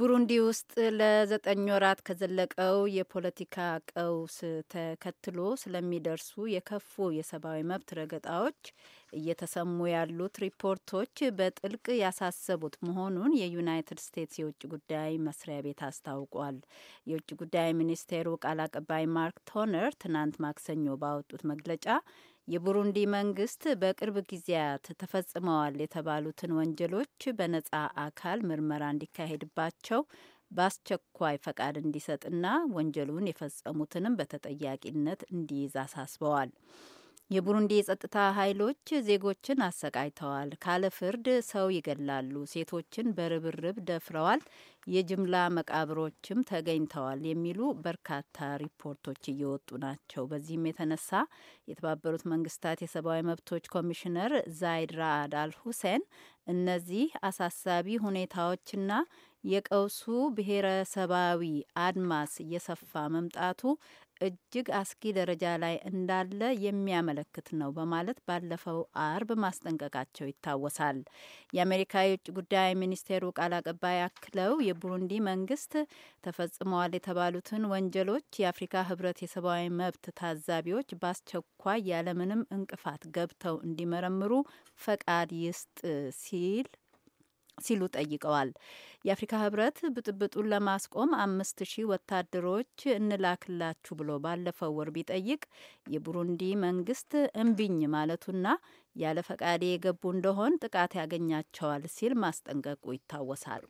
ቡሩንዲ ውስጥ ለዘጠኝ ወራት ከዘለቀው የፖለቲካ ቀውስ ተከትሎ ስለሚደርሱ የከፉ የሰብአዊ መብት ረገጣዎች እየተሰሙ ያሉት ሪፖርቶች በጥልቅ ያሳሰቡት መሆኑን የዩናይትድ ስቴትስ የውጭ ጉዳይ መስሪያ ቤት አስታውቋል። የውጭ ጉዳይ ሚኒስቴሩ ቃል አቀባይ ማርክ ቶነር ትናንት ማክሰኞ ባወጡት መግለጫ የቡሩንዲ መንግስት በቅርብ ጊዜያት ተፈጽመዋል የተባሉትን ወንጀሎች በነጻ አካል ምርመራ እንዲካሄድባቸው በአስቸኳይ ፈቃድ እንዲሰጥና ወንጀሉን የፈጸሙትንም በተጠያቂነት እንዲይዝ አሳስበዋል። የቡሩንዲ የጸጥታ ኃይሎች ዜጎችን አሰቃይተዋል፣ ካለ ፍርድ ሰው ይገላሉ፣ ሴቶችን በርብርብ ደፍረዋል፣ የጅምላ መቃብሮችም ተገኝተዋል የሚሉ በርካታ ሪፖርቶች እየወጡ ናቸው። በዚህም የተነሳ የተባበሩት መንግስታት የሰብአዊ መብቶች ኮሚሽነር ዛይድ ራአድ አል ሁሴን እነዚህ አሳሳቢ ሁኔታዎችና የቀውሱ ብሔረሰባዊ አድማስ እየሰፋ መምጣቱ እጅግ አስጊ ደረጃ ላይ እንዳለ የሚያመለክት ነው በማለት ባለፈው አርብ ማስጠንቀቃቸው ይታወሳል። የአሜሪካ የውጭ ጉዳይ ሚኒስቴሩ ቃል አቀባይ አክለው የቡሩንዲ መንግስት ተፈጽመዋል የተባሉትን ወንጀሎች የአፍሪካ ህብረት የሰብአዊ መብት ታዛቢዎች በአስቸኳይ ያለምንም እንቅፋት ገብተው እንዲመረምሩ ፈቃድ ይስጥ ሲል ሲሉ ጠይቀዋል። የአፍሪካ ህብረት ብጥብጡን ለማስቆም አምስት ሺህ ወታደሮች እንላክላችሁ ብሎ ባለፈው ወር ቢጠይቅ የቡሩንዲ መንግስት እምቢኝ ማለቱና ያለ ፈቃዴ የገቡ እንደሆን ጥቃት ያገኛቸዋል ሲል ማስጠንቀቁ ይታወሳል።